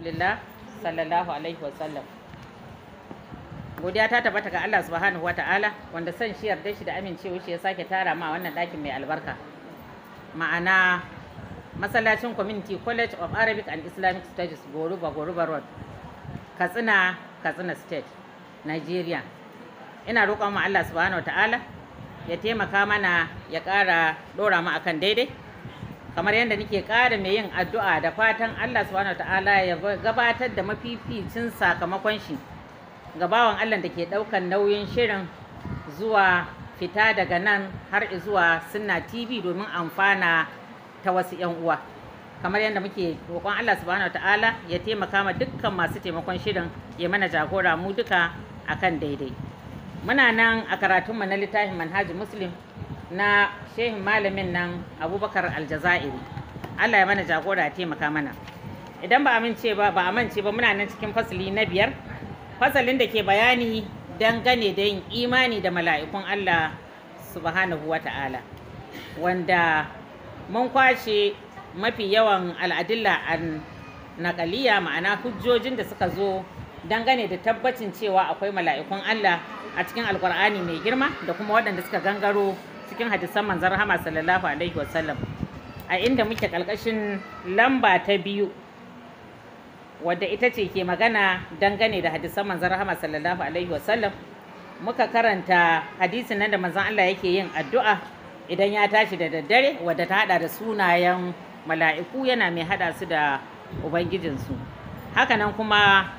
Rasulullah sallallahu alaihi wasallam. Godiya ta tabbata ga Allah subhanahu wa ta'ala wanda son shi yarda shi da amincewa shi ya sake tara ma wannan ɗakin mai albarka. Ma'ana masallacin Community College of Arabic and Islamic Studies Goruba Goruba Road, Katsina Katsina State, Nigeria. Ina roƙon mu Allah subhanahu wa ta'ala ya taimaka mana ya ƙara ɗora mu akan daidai. kamar yadda nake ƙara mai yin addu'a da fatan Allah subhanahu ta'ala ya gabatar da mafificin sakamakon shi ga bawan Allah da ke ɗaukan nauyin shirin zuwa fita daga nan har zuwa sunna TV domin amfana ta wasu 'yan uwa kamar yadda muke roƙon Allah subhanahu ta'ala ya taimaka ma dukkan masu taimakon shirin ya mana jagora mu duka akan daidai muna nan a karatunmu na littafin manhajin muslim na shehin malamin nan abubakar aljazairi allah ya mana jagora ya taimaka mana idan ba a ba ba ba muna nan cikin fasali na biyar fasalin da ke bayani dangane da yin imani da mala'ikun allah subhanahu wa ta'ala wanda mun kwashe mafi yawan al'adilla a naƙaliya ma'ana hujjojin da suka zo dangane da tabbacin cewa akwai mala'ikun allah a cikin alkur'ani mai girma da kuma waɗanda suka gangaro cikin hadisan manzon rahama sallallahu alaihi wasallam a inda muke kalkashin lamba ta biyu wadda ita ce ke magana dangane da hadisan manzon rahama sallallahu alaihi wasallam muka karanta hadisin nan da manzon Allah yake yin addu'a idan ya tashi da daddare wadda ta hada da sunayen mala'iku yana mai hada su da ubangijinsu hakanan kuma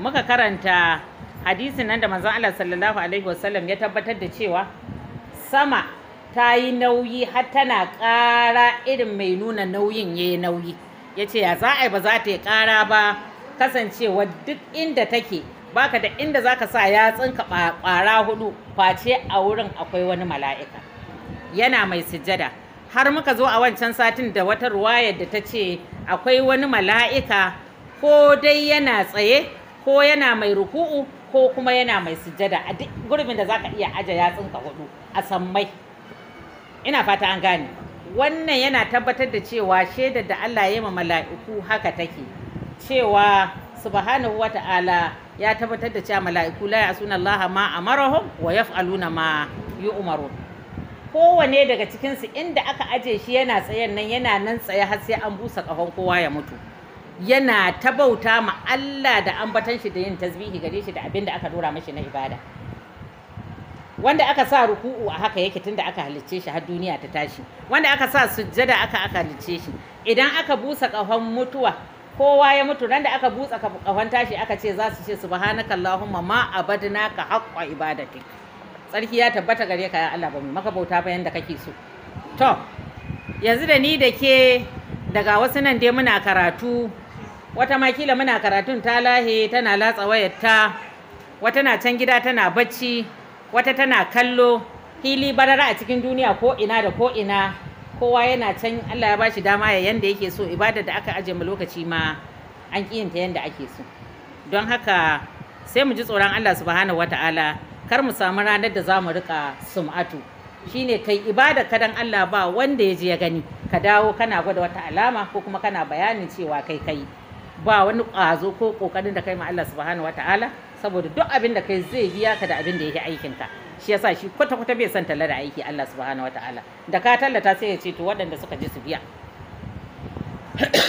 muka karanta hadisin nan da manzon Allah sallallahu alaihi wasallam ya tabbatar da cewa sama ta yi nauyi har tana ƙara irin mai nuna nauyin ya yi nauyi ya ce ya za a yi ba za ta yi ƙara ba kasancewa duk inda take baka da inda za ka sa yatsunka ƙwara hudu face a wurin akwai wani mala'ika yana mai sujada har muka zo a wancan satin da wata ruwayar da ta ce akwai wani mala'ika ko dai yana tsaye ko yana mai ruku'u ko kuma yana mai sujjada a duk gurbin da za ka iya aje tsinka hudu a sammai ina fata an gane wannan yana tabbatar da cewa shaidar da Allah ya yi ma mala'iku haka take cewa subhanahu wa ta'ala ya tabbatar da cewa mala'iku la ya'suna Allah ma amarahum wa yaf'aluna ma yu'marun kowane daga cikinsu inda aka aje shi yana tsayen nan yana nan tsaye har sai an busa kahon kowa ya mutu yana ta bauta ma Allah da ambatan shi da yin tasbihi gare shi da abin da aka dora mashi na ibada wanda aka sa ruku'u a haka yake tunda aka halicce shi har duniya ta tashi wanda aka sa sujjada aka aka halicce shi idan aka busa kafan mutuwa kowa ya mutu nan da aka busa kafan tashi aka ce za su ce subhanaka allahumma ma abadna ka haqqa ibadatik Sarki ya tabbata gare ka ya Allah ba maka bauta ba yanda kake so to yanzu da ni da ke daga wasu nan dai muna karatu wata makila muna karatun ta lahe tana latsa wayar ta wata na can gida tana bacci wata tana kallo hili barara a cikin duniya ko ina da ko ina kowa yana can Allah ya bashi dama ya yanda yake so ibada da aka aje mu lokaci ma an kiyinta yanda ake so don haka sai mu ji tsoron Allah subhanahu wataala kar mu samu ranar da za mu rika sum'atu shine kai ibada kadan Allah ba wanda ya je ya gani ka dawo kana gwada wata alama ko kuma kana bayanin cewa kai kai ba wani ƙwazo ko ƙoƙarin da kai ma Allah subhanahu wataala saboda duk abin da kai zai biya ka da abin da yake aikin ta shi yasa shi kwata kwata bai son talla aiki Allah subhanahu wataala da ka tallata sai ya ce to waɗanda suka je su biya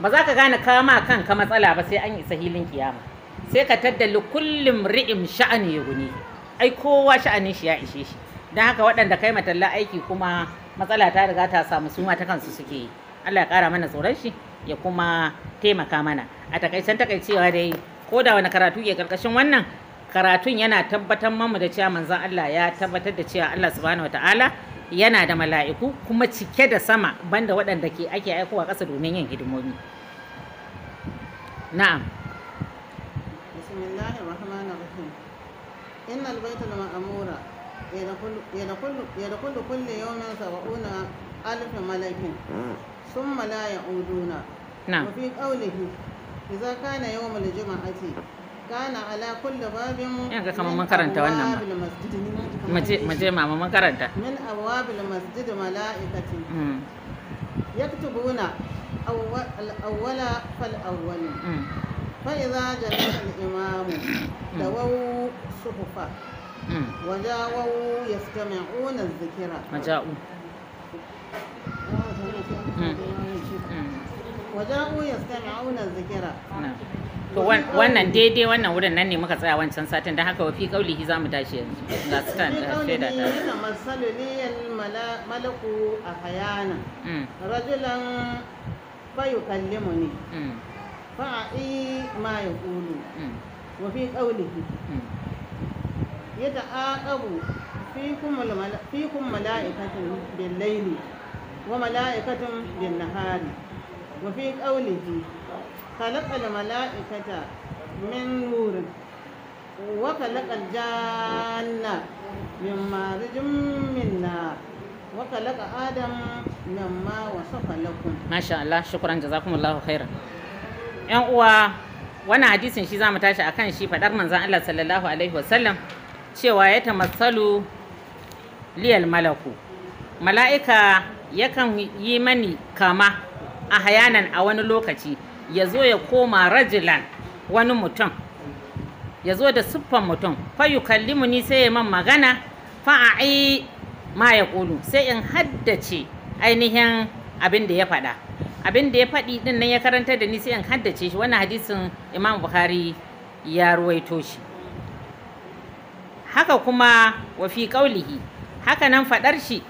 ba za ka gane kama kanka matsala ba sai an isa hilin kiyama sai ka taddali kullum ri'im sha'ani ya guni ai kowa sha'anin shi ya ishe shi don haka waɗanda kai ma matalla aiki kuma matsala ta riga ta samu suma ta kansu suke yi Allah ya ƙara mana tsoron shi ya kuma taimaka mana a takaicen takaicewa dai ko da wani karatu ke karkashin wannan karatun yana tabbatar mamu da cewa manzan Allah ya tabbatar da cewa Allah subhanahu wa ta'ala yana da mala'iku kuma cike da sama banda waɗanda ke ake aikowa ƙasa domin yin hidimomi na'am bismillahir rahmanir rahim innal baitul ma'mura yadkhulu yadkhulu yadkhulu kullu yawmin malakin Sun mala ya uduna. Mu bi na yi wa mu lijima a ce? kana na alakun labarin abu makaranta ba? Ina ka kama makaranta wannan ma. Muje mamu mu karanta. Mun awa bilmas gida ma laifukanci. Mm. Yakiti burna, al'auwala fa al'auwalin. Mm. Fa iza Janirin Imamu. Da wawu sufafa. Waje wawu ya saka wajahu yastama'una zikira to wannan daidai wannan wurin nan ne muka tsaya wancan satin don haka wafi kauli za mu tashi yanzu ga stand da shaida ta yana masaluliyal malaku a hayana rajulan kalli mu ne fa'i ma ya kulu wafi kaulihi ya ta'aqabu fikum mala'ikatun bil laili wa mala'ikatun bin nahari وفي قوله خلق الملائكة من نور وخلق الجنة من مارج من نار وخلق آدم من ما وصف لكم ما شاء الله شكرا جزاكم الله خيرا ‘yan uwa wannan hadisin shi za mu tashi a kan shi faɗar manzan Allah sallallahu Alaihi wasallam cewa ya ta matsalu liyal malaku mala'ika yakan yi mani kama a hayanan a wani lokaci ya zo ya koma rajilan wani mutum ya zo da siffan mutum fayu kallimu ni sai ya man magana fa'a'i ma ya ƙulu sai in haddace ainihin abin da ya faɗa abin da ya faɗi din nan ya karanta da ni sai in haddace shi wannan hadisin imam buhari ya ruwaito shi haka kuma wa fi haka nan faɗar shi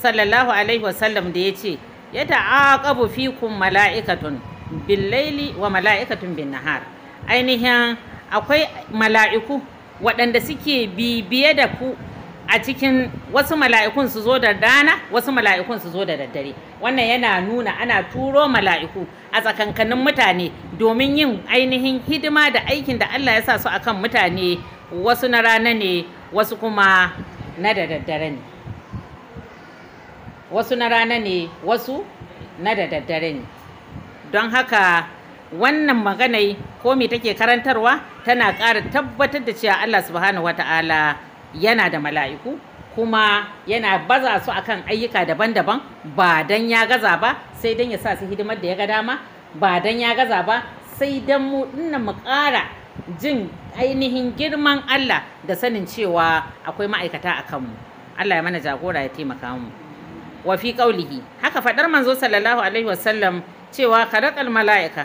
sallallahu alaihi wasallam da ya ce ya ta'aqabu fikum mala'ikatun Laili wa mala'ikatun bin nahar ainihin akwai mala'iku waɗanda suke bibiye da ku a cikin wasu mala'ikun su zo da dana wasu mala'ikun su zo da daddare wannan yana nuna ana turo mala'iku a tsakankanin mutane domin yin ainihin hidima da aikin da Allah ya sa su akan mutane wasu na rana ne wasu kuma na da daddare ne wasu na rana ne wasu na da daddare ne don haka wannan maganai ko me take karantarwa tana ƙara tabbatar da cewa Allah subhanahu wata'ala yana da mala'iku kuma yana baza su akan ayyuka daban-daban ba dan ya gaza ba sai dan ya sa su hidimar da ya ga dama ba dan ya gaza ba sai dan mu dinnan mu ƙara jin ainihin girman Allah da sanin cewa akwai ma'aikata a kanmu Allah ya mana jagora ya taimaka mu wa fi ƙaulihi haka faɗar manzo sallallahu alaihi wasallam cewa khalaqal malaika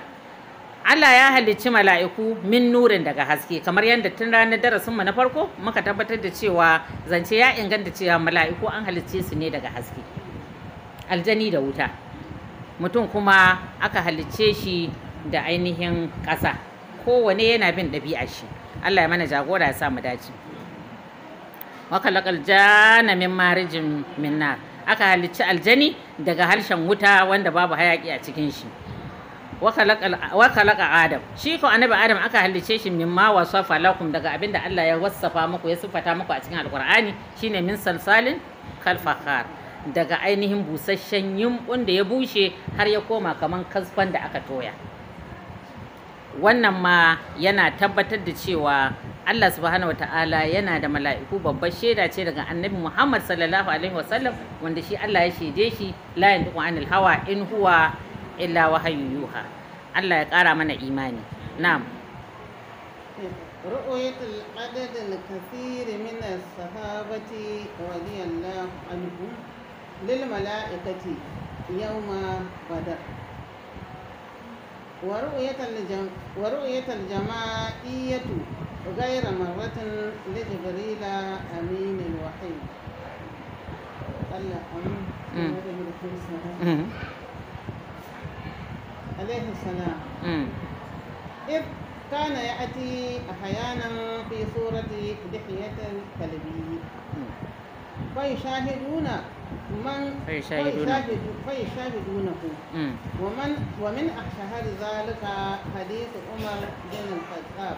Allah ya halicci mala'iku min nurin daga haske kamar yadda tun ranar darasinmu na farko muka tabbatar da cewa zance ya inganta cewa mala'iku an halicce su ne daga haske aljani da wuta mutum kuma aka halicce shi da ainihin ƙasa kowane yana bin ɗabi'a shi Allah ya mana jagora ya sa mu dace wa khalaqal janna min marijin min nar aka halicci aljani daga harshen wuta wanda babu hayaki a cikin shi wa khalaqa adam shi ko annabi adam aka halicce shi min ma wasafa lakum daga abinda Allah ya wasafa muku ya sifata muku a cikin alqur'ani shine min salsalin kal daga ainihin busasshen yumbun da ya bushe har ya koma kaman kasfan da aka toya wannan ma yana tabbatar da cewa Allah subhanahu wata'ala yana da mala'iku babbar shaida ce daga annabi Muhammad sallallahu alaihi wasallam wanda shi Allah ya shaide shi la yantiqu anil hawa in huwa illa wahyu yuha Allah ya ƙara mana imani na'am رؤية العدد الكثير من الصحابة رضي الله عنهم للملائكة يوم بدر ورؤية الجماعية غير مرة لجبريل أمين الوحيد قال أمين عليه السلام إذ كان يأتي أحيانا في صورة لحية الكلبي فيشاهدون من فيشاهدونه ومن ومن أشهر ذلك حديث عمر بن الخطاب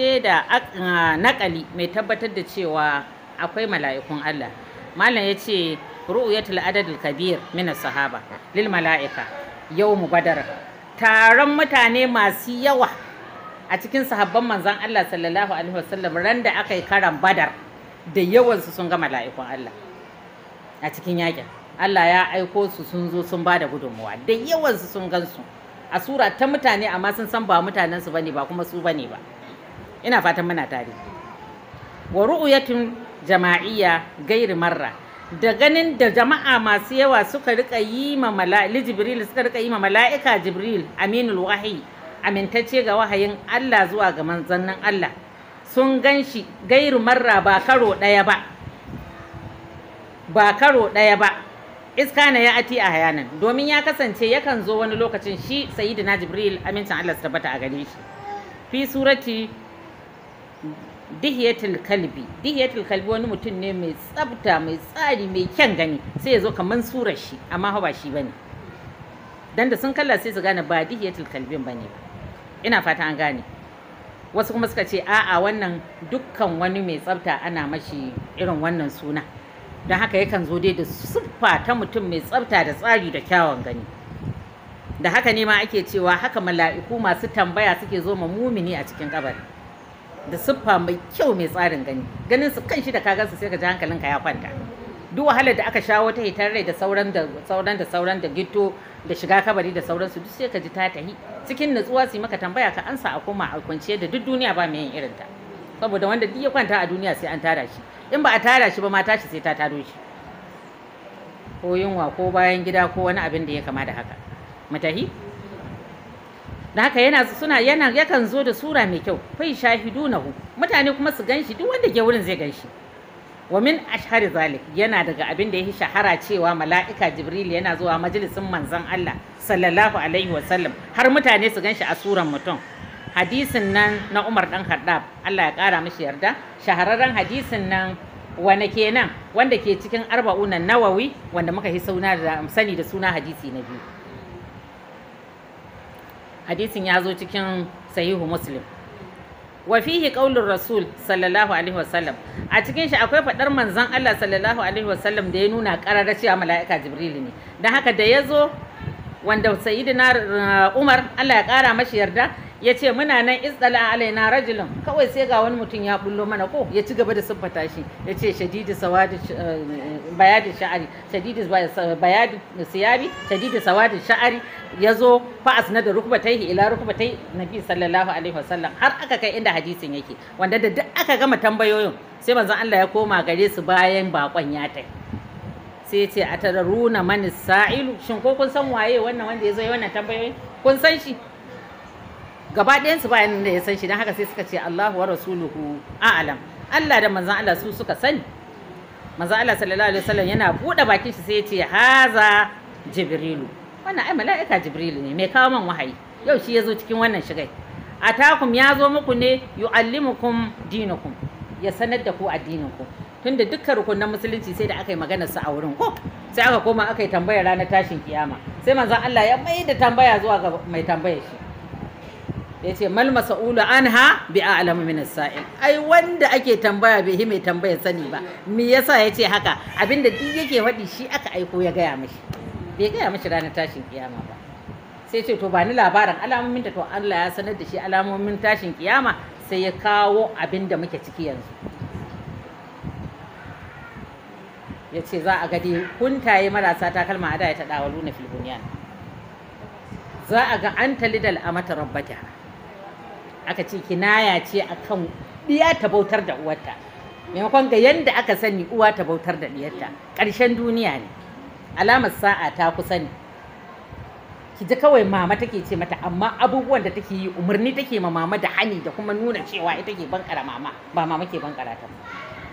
da ah, naƙali mai tabbatar da cewa akwai mala'ikun Allah malam ya ce ru'yatul adadul kabir min sahaba lil mala'ika mu badar taron mutane masu yawa a cikin sahabban manzon Allah sallallahu alaihi wasallam ran da aka yi karan badar da yawansu sun ga mala'ikun Allah a cikin yakin Allah ya aiko su sun zo sun bada gudunmuwa da yawansu sun gansu a sura ta mutane amma sun san ba mutanensu bane ba kuma su bane ba ina fatan muna tare wa ru'uyatin jama'iyya gairi marra da ganin da jama'a masu yawa suka rika yi ma mala'ika jibril suka rika yi ma mala'ika jibril aminul wahyi amintacce ga wahayin Allah zuwa ga manzannin Allah sun gan shi gairu marra ba karo ɗaya ba ba karo ɗaya ba iska na ya ati a hayanan domin ya kasance yakan zo wani lokacin shi sayyidina jibril amincin Allah su tabbata a gare shi fi surati dihiyatul kalbi dihiyatul kalbi wani mutum ne mai tsafta mai tsari mai kyan gani sai ya zo kamar surar shi amma ba shi bane dan da sun kalla sai su gane ba dihiyatul kalbin bane ba ina fata an gane wasu kuma suka ce a'a wannan dukkan wani mai tsabta ana mashi irin wannan suna don haka yakan zo dai da siffa ta mutum mai tsabta da tsari da kyawun gani da haka ne ma ake cewa haka mala'iku masu tambaya suke zo ma mumini a cikin kabari da siffa mai kyau mai tsarin gani ganin su kan shi da kagan su sai ka ji ka ya kwanta duk wahalar da aka shawo ta hitar rai da sauran da sauran da sauran da gito da shiga kabari da sauransu duk sai ka ji ta tahi cikin natsuwa su maka tambaya ka ansa a koma a kwanciya da duk duniya ba mai yin irin ta saboda wanda duk ya kwanta a duniya sai an tara shi in ba a tara shi ba ma tashi sai ta taro shi ko yunwa ko bayan gida ko wani abin da ya kama da haka matahi da haka yana suna yana yakan zo da sura mai kyau fai na hu?" mutane kuma su ganshi duk wanda ke wurin zai ganshi wa min ashhari zalik yana daga abin da ya shahara cewa mala'ika jibril yana zuwa majalisin manzon Allah sallallahu alaihi wa sallam har mutane su gan shi a suran mutum hadisin nan na Umar dan Khaddab Allah ya kara mishi yarda shahararren hadisin nan wane kenan wanda ke cikin arba'unan nawawi wanda muka hi sani da suna hadisi na biyu hadisin ya zo cikin sahihu muslim wa fihi qaulur rasul sallallahu alaihi wasallam a cikin shi akwai fadar manzon Allah sallallahu alaihi wasallam da ya nuna karara cewa mala'ika jibril ne dan haka da ya zo wanda sayyidina uh, Umar Allah ya kara mashi yarda ya ce muna nan isdala alaina rajulun kawai sai ga wani mutum ya bullo mana ko ya ci gaba da siffata shi ya ce shadidu sawadu eh, bayadu sha'ari shadidu bayadu siyabi shadidu sawadu sha'ari ya zo fa'as na da rukbataihi ila rukbatai nabi sallallahu alaihi wasallam har aka kai inda hadisin yake wanda da duk aka gama tambayoyin sai manzon Allah ya koma gare su bayan bakon ya tai sai ce a tararuna manis sa'ilu shin ko kun san waye wannan wanda ya zo wannan tambayoyin kun san shi gaba ɗayan su bayan da ya san shi don haka sai suka ce Allahu wa rasuluhu a'lam Allah da manzon Allah su suka sani manzon Allah sallallahu alaihi wasallam yana buɗe bakin shi sai ya ce haza jibrilu wannan ai mala'ika jibrilu ne mai kawo man wahayi yau shi ya zo cikin wannan shigai atakum ya zo muku ne yu'allimukum dinukum ya sanar da ku addinin ku. tunda dukkan rukunan musulunci sai da aka yi maganar su a wurin ko sai aka koma aka yi tambayar ranar tashin kiyama sai manzon Allah ya mai da tambaya zuwa ga mai tambayar shi ya ce mal an anha bi a'lamu min sail ai wanda ake tambaya bai mai tambaya sani ba me yasa ya ce haka abinda duk yake faɗi shi aka aiko ya gaya mishi bai gaya mishi ranar tashin kiyama ba sai ce to ba ni labarin alamomin ta to Allah ya sanar da shi alamomin tashin kiyama sai ya kawo abin da muke ciki yanzu ya ce za a gadi kuntaye marasa takalma a da ya taɗa wa luna filbuniyan za a ga an talidal a mata rabbata aka ce kinaya ce akan ɗiya ta bautar da uwarta maimakon ga yadda aka sani uwa ta bautar da ɗiyarta ƙarshen duniya ne alamar sa'a ta kusa ne ki ji kawai mama take ce mata amma abubuwan da take yi umarni take ma mama da hani da kuma nuna cewa ita ke bankara mama ba mama ke bankara ta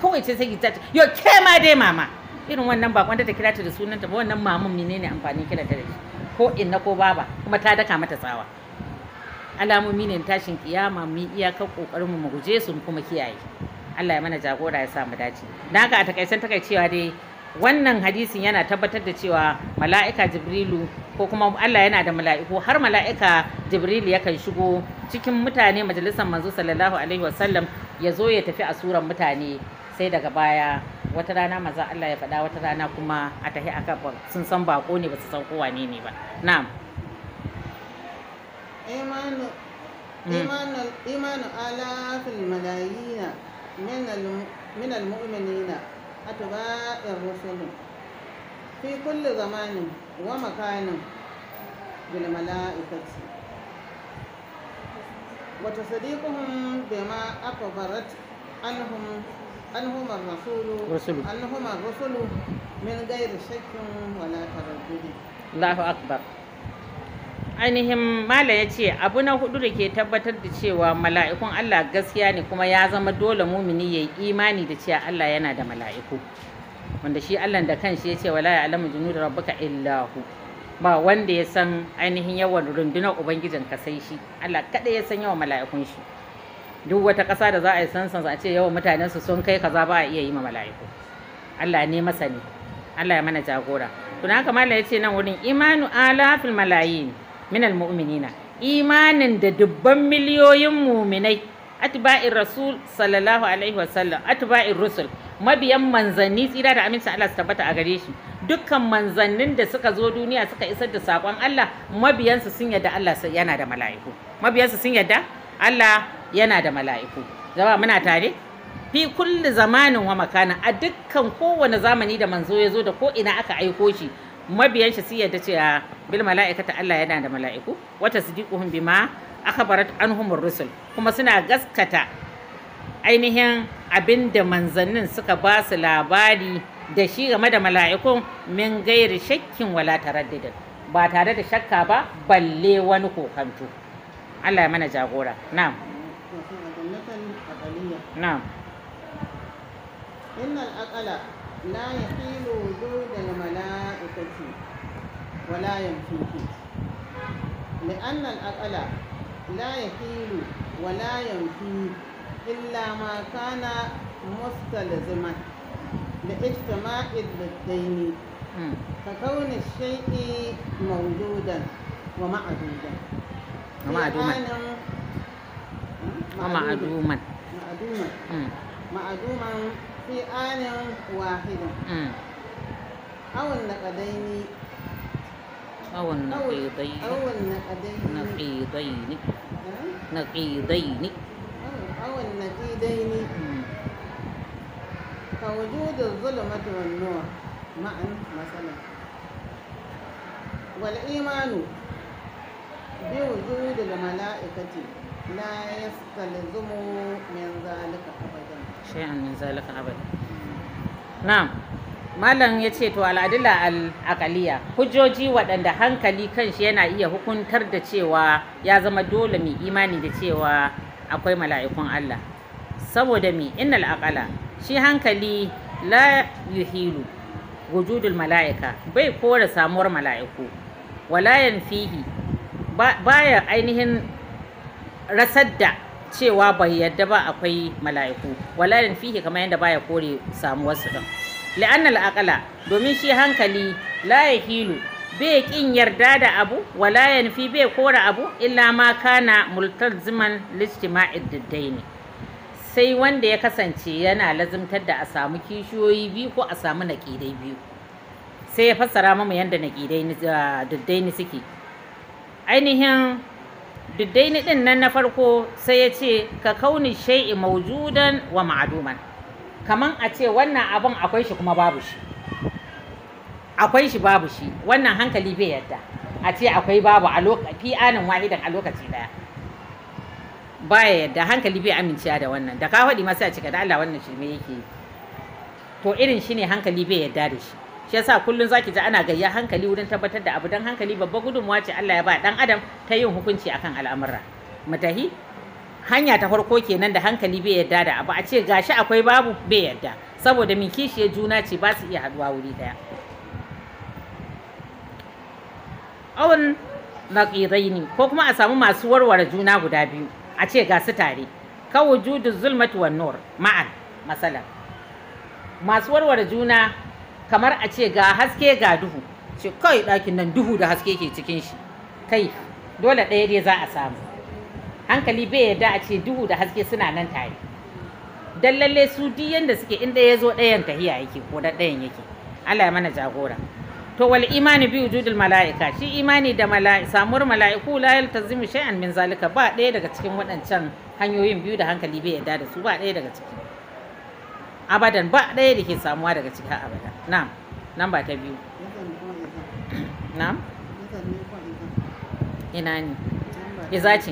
kawai ce sai ki tace yo ke ma dai mama irin wannan bakon da ta kira ta da sunanta ba wannan mamun menene amfanin kira ta da shi ko inna ko baba kuma ta daka mata tsawa alamomi ne tashin kiyama mu iyakar kokarin mu guje su kuma kiyaye Allah ya mana jagora ya sa mu dace dan haka a takaicen takaicewa dai wannan hadisin yana tabbatar da cewa mala'ika jibrilu ko kuma Allah yana da mala'iku har mala'ika jibrilu yakan shigo cikin mutane majalisar manzo sallallahu alaihi wasallam ya zo ya tafi a suran mutane sai daga baya wata rana maza Allah ya faɗa wata rana kuma a tafi akan sun san bako ne ba su san kowa ne ba na'am إيمان إيمان إيمان آلاف الملايين من من المؤمنين أتباع الرسل في كل زمان ومكان بالملائكة وتصديقهم بما أخبرت عنهم عنهم الرسول عنهم الرسل من غير شك ولا تردد الله أكبر ainihin malam ya ce abu na hudu da ke tabbatar da cewa mala'ikun Allah gaskiya ne kuma ya zama dole mumini ya yi imani da cewa Allah yana da mala'iku wanda shi Allah da kanshi ya ce wala ya alamu junu da rabbuka illahu ba wanda ya san ainihin yawan rundunar ubangijin ka sai shi Allah kaɗai ya san yawan mala'ikun shi duk wata ƙasa da za a yi sansan a ce yawan mutanen su sun kai kaza ba a iya yi ma mala'iku Allah ne masani Allah ya mana jagora to haka malam ya ce nan wurin imanu ala fil malayin minal mu'minina imanin da dubban miliyoyin muminai atba'in rasul sallallahu alaihi wasallam atba'in rusul mabiyan manzanni tsira da amincin Allah su tabbata a gare shi dukkan manzannin da suka zo duniya suka isar da sakon Allah mabiyansu sun yarda Allah yana da mala'iku mabiyansu sun yadda Allah yana da mala'iku jama'a muna tare fi kulli zamanin wa makana a dukkan kowane zamani da manzo ya zo da ko ina aka aiko shi mabiyan shi su yarda cewa bil ta Allah yana da mala'iku wata sidiquhum bima akhbarat anhumur rusul kuma suna gaskata ainihin abin da manzannin suka ba su labari da shi game da mala'ikun min gairi shakkin wala taraddudin ba tare da shakka ba balle wani kokanto Allah ya mana jagora na'am na'am innal aqala la yahilu wujudal mala'ika يستفيد ولا ينفيه لأن الأقل لا يحيل ولا ينفي إلا ما كان مستلزما لاجتماع الضدين فكون الشيء موجودا ومعدودا ومعدوما ومعدوما معدوما معدوما في آن واحد أو النقدين أو النقيضين أو النقدين نقيضين نعم. نقيضين أو النقيضين فوجود الظلمة والنور معا مثلا والإيمان بوجود الملائكة لا يستلزم من ذلك أبدا شيئا من ذلك أبدا نعم malam ya ce to al'adila al'akaliya hujjoji waɗanda hankali kan shi yana iya hukuntar da cewa ya zama dole mai imani da cewa akwai mala'ikun Allah saboda mi innal aqala shi hankali la yuhilu wujudul mala'ika bai kora samuwar mala'iku wala yanfihi baya ainihin rasar da cewa bai yadda ba akwai mala'iku walayan fihi kamar yadda baya kore samuwar su la'annal aqala domin shi hankali la yahilu bai kin yarda da abu wala yanfi bai kora abu illa ma kana multaziman lijtima'id diddaini sai wanda ya kasance yana lazimtar da a samu kishiyoyi biyu ko a samu naƙidai biyu sai ya fassara mamu yadda naƙidai diddaini suke ainihin diddaini din nan na farko sai ya ce ka kauni shai'i maujudan wa ma'aduman kaman a ce wannan abin akwai shi kuma babu shi akwai shi babu shi wannan hankali bai yadda a ce akwai babu a lokaci anin wahidan a lokaci daya baya yadda hankali bai amincewa da wannan da ka faɗi masa cika da Allah wannan shirme yake to irin shi ne hankali bai yadda da shi shi yasa kullun zaki ji ana gayya hankali wurin tabbatar da abu dan hankali babba gudunmuwa ce Allah ya ba dan adam ta yin hukunci akan al'amura mutahi hanya ta farko kenan da hankali bai yarda da abu a ce gashi akwai babu bai yarda saboda min ya juna ce ba su iya haduwa wuri daya awon ne ko kuma a samu masu warware juna guda biyu a ce ga su tare ka wujudu zulmati wan nur ma'an masalan masu warware juna kamar a ce ga haske ga duhu ce kai ɗakin nan duhu da haske ke cikin shi kai dole ɗaya dai za a samu hankali bai yarda a ce duhu da haske suna nan tare dan lalle su duk yanda suke in ɗaya zo ɗayan tahiya yake ko da ɗayan yake Allah ya mana jagora to wal imani bi wujudil malaika shi imani da mala'i samuwar mala'iku la yaltazimu shay'an min zalika ba ɗaya daga cikin waɗancan hanyoyin biyu da hankali bai yarda da su ba ɗaya daga ciki abadan ba ɗaya da ke samuwa daga cikin abadan na'am nan ba ta biyu na'am ina ne iza ce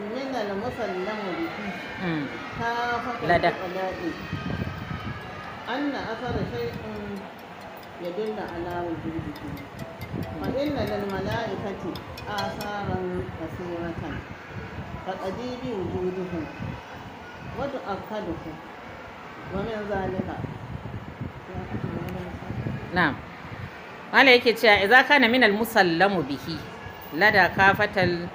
من المسلم به كافة العلاء أن أثر شيء يدل على وجوده فإن للملائكة آثارا كثيرة قد بوجودهم وتؤكده ومن ذلك نعم wala yake cewa idza kana min al musallamu bihi lada kafatal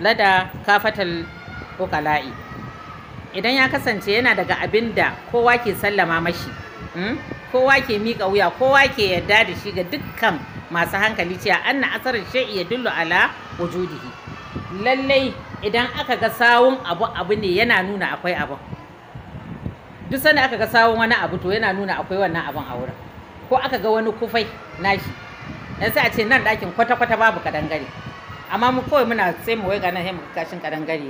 lada kafatal ukala'i idan ya kasance yana daga abin da kowa ke sallama mashi hmm? kowa ke miƙa wuya kowa ke yarda da shi ga dukkan masu hankali cewa anna asarar shay'i ya dullu ala wujudihi lallai idan aka ga sawun abu abu ne yana nuna akwai abu duk sanda aka ga sawun wani abu to yana nuna akwai wannan abun a wurin ko aka ga wani kufai nashi dan sai a ce nan ɗakin kwata-kwata babu kadangare amma mu kawai muna sai mu waiga nan sai mu kashin kadangare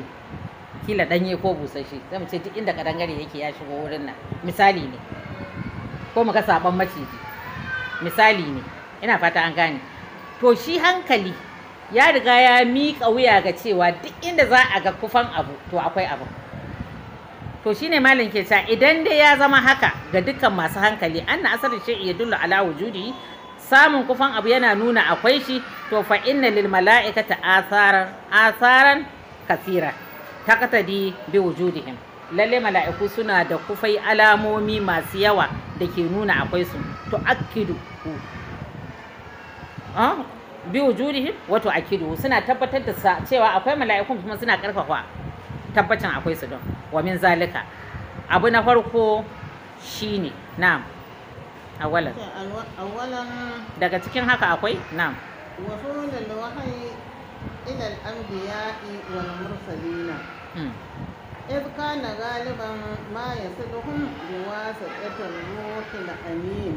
kila danye ko busasshe sai mu ce duk inda kadangare yake ya shigo wurin nan misali ne ko mu ga saban maciji misali ne ina fata an gane to shi hankali ya riga ya miƙa wuya ga cewa duk inda za a ga kufan abu to akwai abu to shine malam ke cewa idan dai ya zama haka ga dukkan masu hankali anna asarin ya yadullu ala wujudi samun kufan abu yana nuna akwai shi to fa inna lil mala'ikata asaran asaran kasira takatadi bi wujudihim lalle mala'iku suna da kufai alamomi masu yawa da ke nuna akwai su to akidu ah? bi wujudihim wato akidu suna tabbatar da cewa akwai mala'ikun kuma suna karfafa tabbacin akwai su don wa min zalika abu na farko shine na'am awalan daga cikin haka akwai na'am وصول الوحي إلى الأنبياء والمرسلين إذ كان غالبا ما يصلهم بواسطة الروح الأمين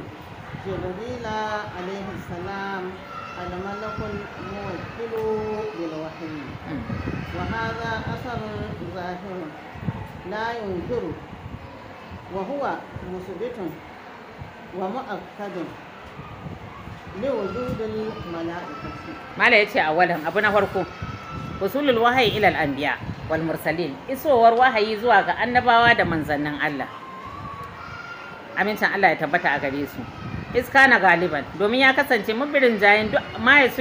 جبريل عليه السلام الملك الموكل بالوحي وهذا أثر ظاهر لا وهو مثبت ومؤكد ya ce ما abu na farko أبونا فرقو وصول ilal anbiya wal mursalin isowar wahayi zuwa ga annabawa da manzannin Allah amincin Allah ya tabbata a gare su iska na galiban domin ya kasance mabirin jayin ma ya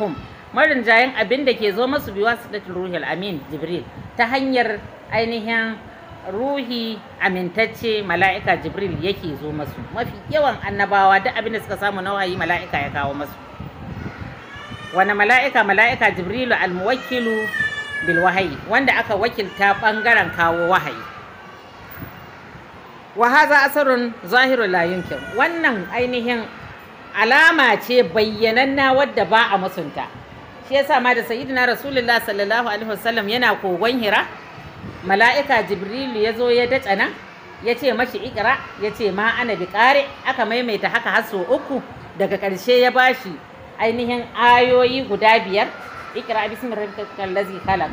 hum marin jayin abin da ke zo masu biwa su da ruhul amin jibril ta hanyar ainihin ruhi amintacce mala'ika jibril yake zo masu mafi yawan annabawa duk abin da suka samu na wahayi mala'ika ya kawo masu wani mala'ika mala'ika jibrilu almuwakilu bil wahayi wanda aka wakilta bangaren kawo wahayi wa hadha asarun zahiru la yumkin wannan ainihin alama ce bayyananna wadda ba a musunta shi yasa ma da sayyidina rasulullahi sallallahu alaihi wasallam yana kogon hira mala'ika jibrilu ya zo ya dace nan ya ce mashi ikira ya ce ma ana biƙare aka maimaita haka haso uku daga ƙarshe ya bashi ainihin ayoyi guda biyar ikira bisimin rabbikal lazi kalam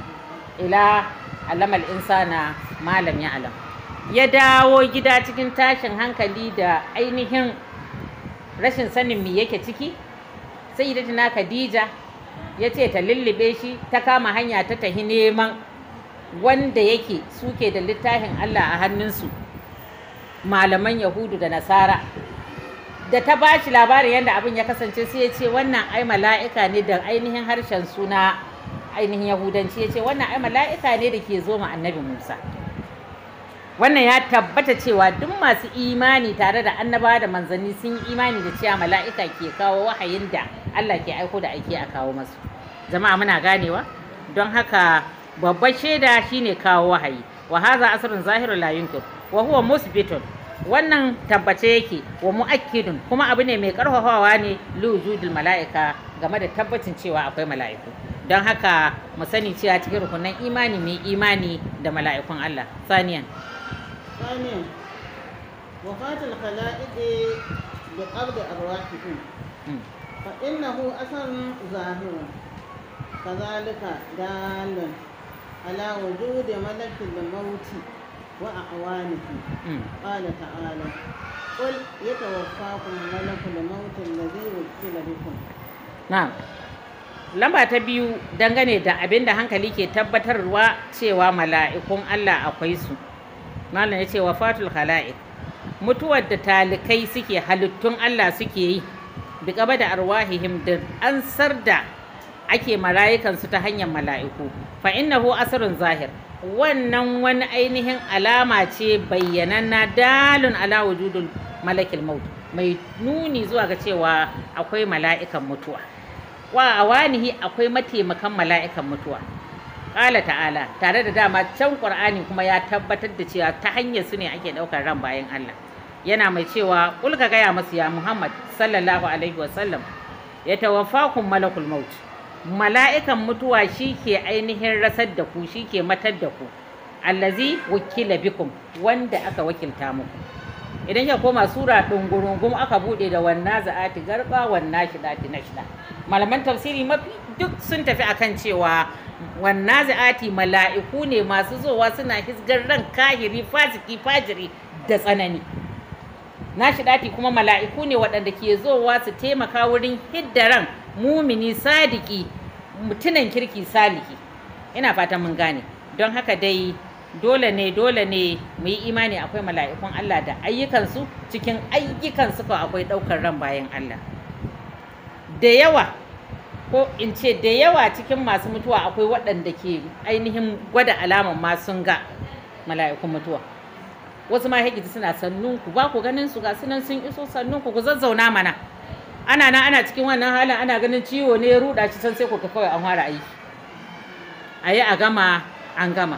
ila alamal insana malam ya alam ya dawo gida cikin tashin hankali da ainihin rashin sanin me yake ciki sai na khadija ya ce ta lullube shi ta kama hanya ta tahi neman wanda yake suke da littafin Allah a hannunsu malaman yahudu da nasara da ta ba shi labarin yadda abin ya kasance sai ya ce wannan ai mala'ika ne da ainihin harshen suna ainihin yahudanci ya ce wannan ai mala'ika ne da ke zo ma annabi musa wannan ya tabbata cewa duk masu imani tare da annaba da manzanni sun yi imani da cewa mala'ika ke kawo wahayin da allah ke aiko da ake a kawo masu jama'a muna ganewa don haka babbar shaida shine kawo wahayi wa haza asrun zahirul la yunkir wa huwa musbitun wannan tabbace yake wa mu'akkidun kuma abu ne mai karfafawa ne liwujudil mala'ika game da tabbacin cewa akwai mala'iku don haka mu sani cewa cikin rukunan imani mai imani da mala'ikun Allah saniyan saniyan wafatul khala'iqi bi qabd arwahihim hmm. fa innahu asan zahirun kazalika dalun على وجود ملك الموت وأعوانه قال تعالى قل يتوفاكم ملك الموت الذي وكل بكم نعم lamba ta biyu dangane da abin da hankali ke tabbatarwa cewa mala'ikun Allah akwai su malam ya ce wa fatul khala'iq mutuwar da talikai suke halittun Allah suke yi bi gaba da arwahihim din ansar da ake mala'ikansu ta hanyar mala'iku fa innahu asrun zahir wannan wani ainihin alama ce bayyananna dalun ala wujudul malakil maut mai nuni zuwa ga cewa akwai mala'ikan mutuwa wa awanihi akwai mataimakan mala'ikan mutuwa ƙala ta'ala tare da dama can ƙur'ani kuma ya tabbatar da cewa ta hanyar su ne ake ɗaukar ran bayan Allah yana mai cewa ƙulka gaya masu ya Muhammad sallallahu alaihi wasallam ya tawaffakum malakul maut mala'ikan mutuwa shi ke ainihin rasar da ku shi ke matar da ku allazi wakila bikum wanda aka wakilta muku idan ya koma sura ɗungurungum aka buɗe da wannan za'ati garba wanna shidati na shida malaman tafsiri mafi duk sun tafi akan cewa wanna za'ati mala'iku ne masu zowa suna hisgar ran kahiri fasiki fajiri da tsanani nashi daki kuma mala'iku ne waɗanda ke zowa su taimaka wurin hiddaran mumini sadiki mutunan kirki saliki ina fatan mun gane don haka dai dole ne dole ne mu yi imani akwai mala'ikun Allah da ayyukansu cikin ayyukan suka akwai ɗaukar ran bayan Allah da yawa ko in ce da yawa cikin masu mutuwa akwai waɗanda ke ainihin gwada alaman ma ga mala'ikun mutuwa wasu ma hegidi suna sannun ku ba ku ganin su ga sunan sun iso sannun ku ku zazzauna mana ana nan ana cikin wannan halin ana ganin ciwo ne ya ruda shi san sai ku kawai an fara aiki a yi a gama an gama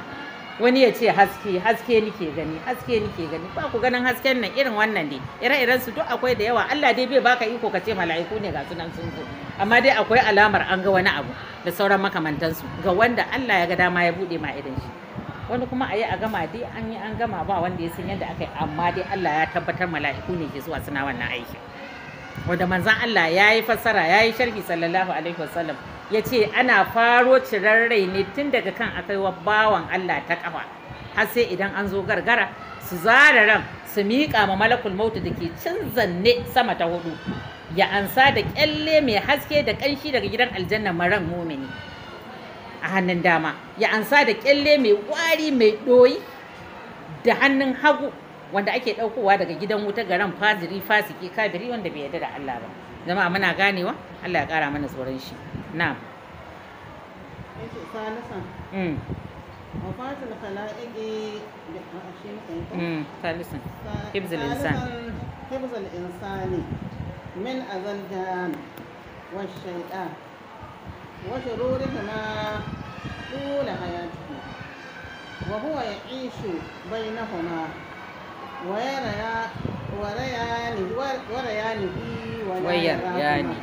wani ya ce haske haske nike gani haske nike gani ba ku ganin hasken nan irin wannan ne ire-iren su duk akwai da yawa Allah dai bai baka iko ka ce mala'iku ne ga sunan sun zo amma dai akwai alamar an ga wani abu da sauran makamantansu ga wanda Allah ya ga dama ya buɗe ma idan shi wani kuma a yi a gama dai an yi an gama ba wanda ya san yadda aka yi amma dai Allah ya tabbatar mala'iku ne ke zuwa suna wannan aiki. wanda manzan Allah ya yi fassara ya yi sharhi sallallahu alaihi wasallam ya ce ana faro cirar rai ne tun daga kan wa bawan Allah ta kafa har sai idan an zo gargara su zara ran su miƙa ma malakul mautu da ke cin zanne sama ta hudu ya ansa da kyalle mai haske da ƙanshi daga gidan aljanna maran mumini a hannun dama ya ansa da kyalle mai wari mai doyi da hannun hagu wanda ake ɗaukowa daga gidan wuta garan faziri fasiki kabiri wanda bai yarda da Allah ba zama muna ganewa Allah ya ƙara mana tsoron shi na'am من أذى الجهان والشيطان وشرورهما طول حياته وهو يعيش بينهما ويرى وريانه وريانه ويريانه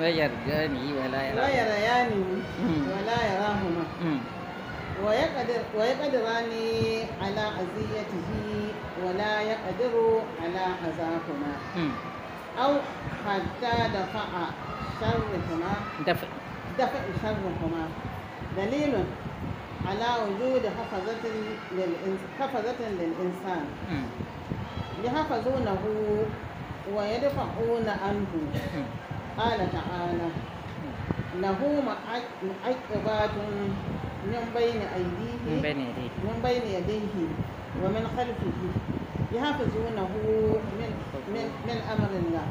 ويرجانه ولا يراه ويريانه ولا يراهما ويقدر ويقدران على أذيته ولا يقدر على أذاهما أو حتى دفع شرهما دفع دفع هما دليل على وجود حفظة للإنس... حفظة للإنسان يحفظونه ويدفعون عنه قال تعالى له معقبات من بين أيديه من بين يديه ومن خلفه يحفظونه من من من أمر الله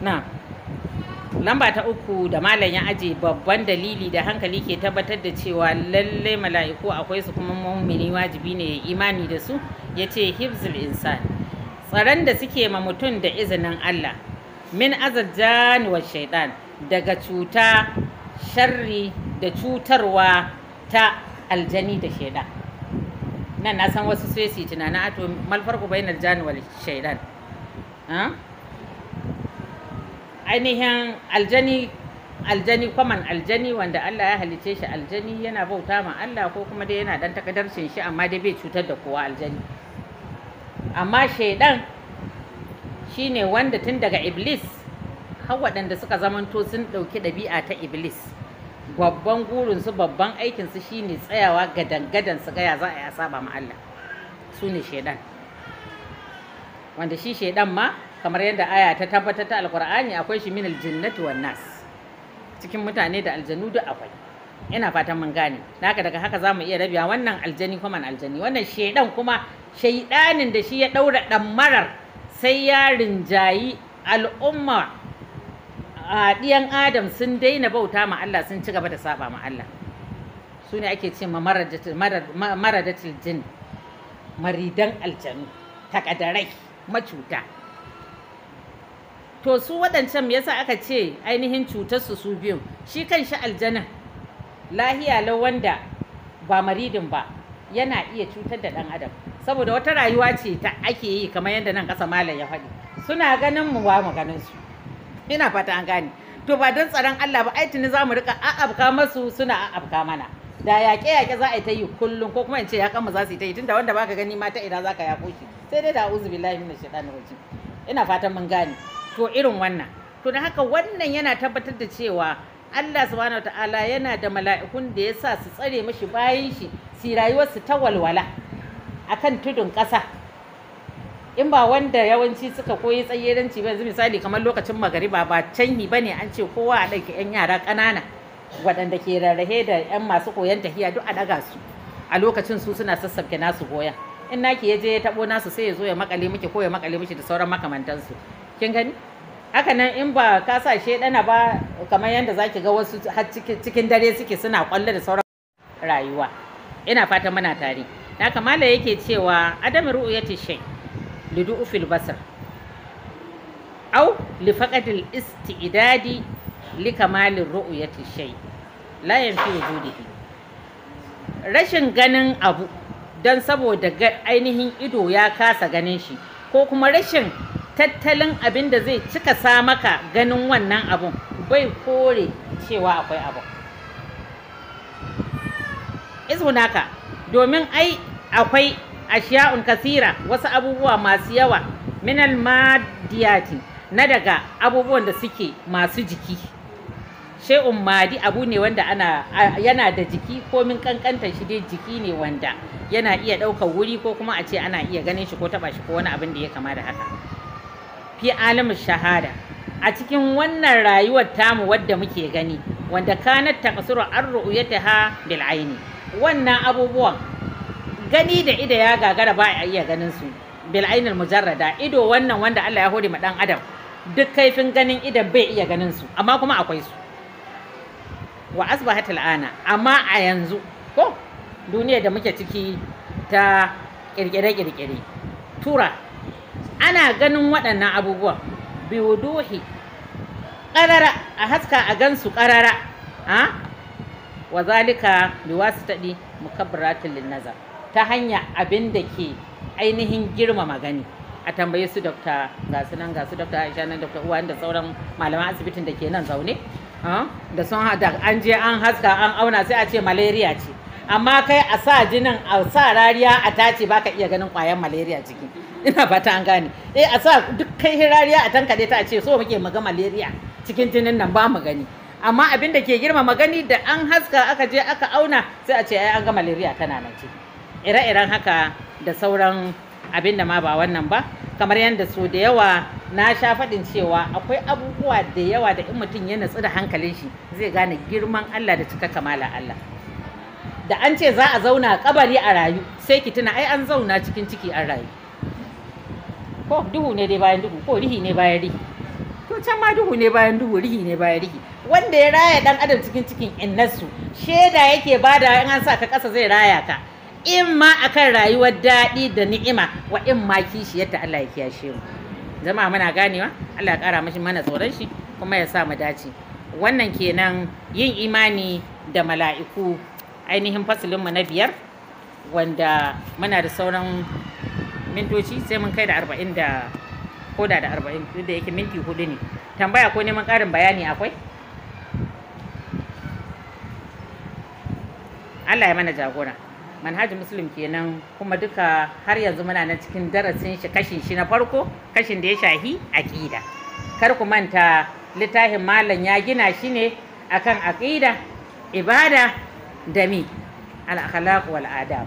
نعم lamba ta uku da malam ya aje babban dalili da hankali ke tabbatar da cewa lallai mala'iku akwai su kuma mummuni wajibi ne ya imani da su ya ce hibzul insan tsaron da suke ma mutum da izinin allah min azajjan wa shaidan daga cuta sharri da cutarwa ta aljani da shaidan nan na san wasu sai su tunanin ato malfarku bainar jani shaidan ainihin aljani aljani kwaman aljani wanda Allah ya halice shi aljani yana bauta ma Allah ko kuma dai yana dan takadarcin shi amma dai bai cutar da kowa aljani amma shaidan shine wanda tun daga iblis har waɗanda suka zamanto sun ɗauki ɗabi'a ta iblis babban gurinsu babban aikinsu shine tsayawa gadan-gadan su gaya za a yi asaba ma Allah su ne shaidan wanda shi shaidan ma kamar yadda aya ta tabbatar ta alkur'ani akwai shi min jinnati wan nas cikin mutane da aljanu duk akwai ina fatan mun gane naka daga haka zamu iya rabiya wannan aljani kuma aljani wannan shedan kuma shaidanin da shi ya daura dan marar sai ya rinjayi al'umma a diyan adam sun daina bauta ma Allah sun ci gaba da saba ma Allah su ne ake ce ma maradatul jin maridan aljanu takadarai macuta to su waɗancan me yasa aka ce ainihin cutar su su biyun shi kan shi aljana lahiya lau wanda ba maridin ba yana iya cutar da ɗan adam saboda wata rayuwa ce ta ake yi kamar yadda nan ƙasa malam ya faɗi suna ganin mu ba mu ganin su ina fata an gane to ba don tsaron Allah ba ai tuni za mu rika a'abka masu suna a'abka mana da yaƙe yaƙe za a ta yi kullum ko kuma in ce yaƙan mu za su yi ta yi tunda wanda baka gani mata ina za ka yaƙo shi sai dai da uzu billahi min shaitanir rajim ina fatan mun gane to irin wannan to da haka wannan yana tabbatar da cewa Allah subhanahu ta'ala yana da mala'ikun da ya sa su tsare mashi bayan shi su rayuwarsu ta walwala akan tudun ƙasa in ba wanda yawanci suka koyi tsayyaranci ba yanzu misali kamar lokacin magariba ba canyi ba ne an ce kowa a ɗauki 'yan yara ƙanana waɗanda ke rarrahe da 'yan masu koyon tahiya duk a ɗaga su a lokacin su suna sassabke nasu goyon in naki ya je ya taɓo nasu sai ya zo ya makale miki ko ya makale miki da sauran makamantansu kin gani haka nan in ba ka sa shi dana ba kamar yadda zaki ga wasu har cikin dare suke suna kwallo da sauran rayuwa ina fata muna tare da kamala yake cewa adam yati shay lidu fil basar aw li faqadil isti'dadi li kamalir yati shay la yanfi wujudihi rashin ganin abu don saboda ainihin ido ya kasa ganin shi ko kuma rashin tattalin abin da zai cika sa maka ganin wannan abun bai kore cewa akwai abu izhunaka domin ai akwai ashiya'un kasira wasu abubuwa masu yawa minal madiyati na daga abubuwan da suke masu jiki shay'un madi abu ne wanda ana yana da jiki ko min kankanta shi dai jiki ne wanda yana iya ɗaukar wuri ko kuma a ce ana iya ganin shi ko taɓa shi ko wani abin da ya kama da haka fi alamun shahada a cikin wannan rayuwar tamu wadda muke gani wanda ta taqsuru an ru'yataha ha bil'aini wannan abubuwan gani da ido ya gagara ba a iya ganin su bil mujarrada ido wannan wanda Allah ya hori ma dan adam duk kaifin ganin idan bai iya ganin su amma kuma akwai su wa asbahat al'ana amma a yanzu ko duniya da muke ciki ta kirkire-kirkire tura ana ganin waɗannan abubuwan biwuduhi ƙarara a haska a gansu ƙarara a wa zalika biwasitadi mukabbaratin linnaza ta hanya abin da ke ainihin girmama gani a tambaye su dokta ga su nan ga su dokta aisha nan dokta uwa da sauran malaman asibitin da ke nan zaune da sun hada an je an haska an auna sai a ce malaria ce amma kai a sa jinin a sa rariya a tace baka iya ganin kwayan malaria ciki ina fata an gane eh a sa duk kai rariya a tankade ta a ce so muke mu ga malaria cikin jinin nan ba mu gani amma abin da ke girmama gani da an haska aka je aka auna sai a ce ai an ga malaria tana nan ce ire-iren haka da sauran abin da ma ba wannan ba kamar yadda so da yawa na sha faɗin cewa akwai abubuwa da yawa da in mutum ya natsu da hankalin shi zai gane girman Allah da cika kamala Allah da an ce za a zauna kabari a rayu sai ki tuna ai an zauna cikin ciki an rayu ko duhu ne dai bayan duhu ko rihi ne bayan rihi to can ma duhu ne bayan duhu rihi ne bayan rihi wanda ya raya dan adam cikin cikin innasu shaida yake bada in an sa ka kasa zai raya ka in ma akan rayuwar daɗi da ni'ima wa in ma kishi yadda Allah ya kiyashe mu jama'a muna ganewa Allah ya ƙara mashi mana tsoron shi kuma ya sa mu dace wannan kenan yin imani da mala'iku ainihin fasilinmu na biyar wanda muna da sauran mintoci sai mun kai da arba'in da koda da arba'in duk da yake minti hudu ne tambaya ko neman ƙarin bayani akwai Allah ya mana jagora manhajin muslim kenan kuma duka har yanzu muna nan cikin darasin shi kashin shi na farko kashin da ya shahi ƙida. kar ku manta littafin malam ya gina shi ne akan aƙida ibada da mi al-akhlaq wal adab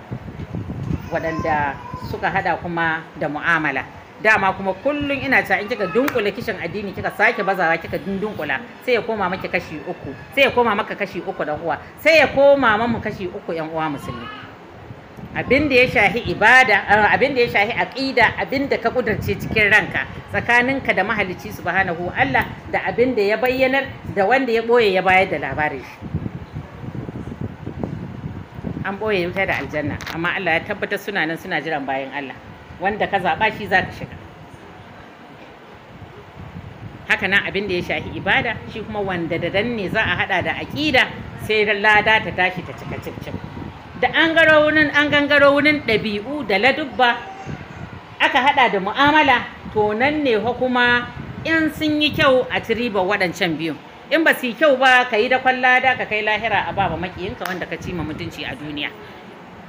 waɗanda suka hada kuma da mu'amala dama kuma kullum ina ta in kika dunkula kishin addini kika sake bazawa kika dunkula sai ya koma maka kashi uku sai ya koma maka kashi uku dan uwa sai ya koma mamu kashi uku yan uwa musulmi abin da ya shahi ibada eh, abin da ya shahi aqida abin ka kudurce cikin ranka tsakaninka da mahalicci subhanahu Allah da abin da ya bayyanar da wanda ya boye ya bayar da labarin shi an boye wuta da aljanna amma Allah ya tabbatar suna nan suna jiran bayan Allah wanda ka zaɓa shi za ka shiga haka nan abin da ya shahi ibada shi kuma wanda da danne za a haɗa da aƙida sai lada ta tashi ta cika cicin da an garo wunin an gangaro wunin ɗabi'u da ladubba aka haɗa da mu'amala to nan ne kuma in sun yi kyau a tiriba waɗancan biyu in ba su kyau ba ka yi da kwallada ka kai lahira a baba makiyinka wanda ka ci ma mutunci a duniya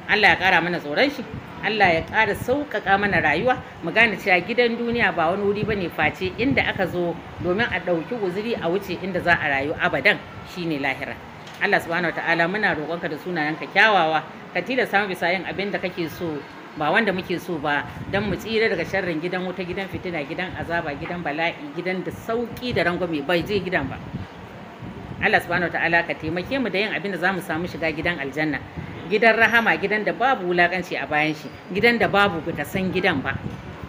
Allah ya kara mana tsoron shi Allah ya ƙara sauƙaƙa mana rayuwa mu gane cewa gidan duniya ba wani wuri bane face inda aka zo domin a ɗauki guzuri a wuce inda za a rayu abadan shine lahira Allah subhanahu wataala muna roƙonka da sunayenka kyawawa ka tilasta mu bisa yin abin da kake so ba wanda muke so ba don mu tsira daga sharrin gidan wuta gidan fitina gidan azaba gidan bala'i gidan da sauki da rangwame bai je gidan ba Allah subhanahu ta'ala ka taimake mu da yin abin da zamu samu shiga gidan aljanna gidan rahama gidan da babu wulakanci a bayan shi gidan da babu bata san gidan ba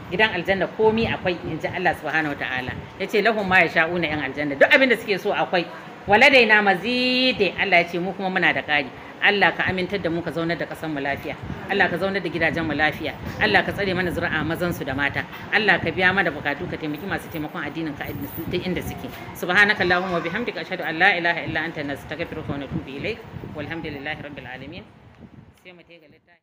gidan aljanna komi akwai in ji Allah subhanahu ta'ala yace lahum ma yasha'una yan aljanna duk abin da suke so akwai waladaina mazidi Allah ya ce mu kuma muna da ƙari Allah ka amintar da mu ka zaunar da ƙasar mu lafiya Allah ka zaunar da gidajen mu lafiya Allah ka tsare mana zuri'a mazan su da mata Allah ka biya mana bukatu ka taimaki masu taimakon addinin ka da inda suke subhanaka allahumma bihamdika ashhadu an la ilaha illa anta nastaghfiruka wa natubu ilaik walhamdulillahi rabbil alamin sai mu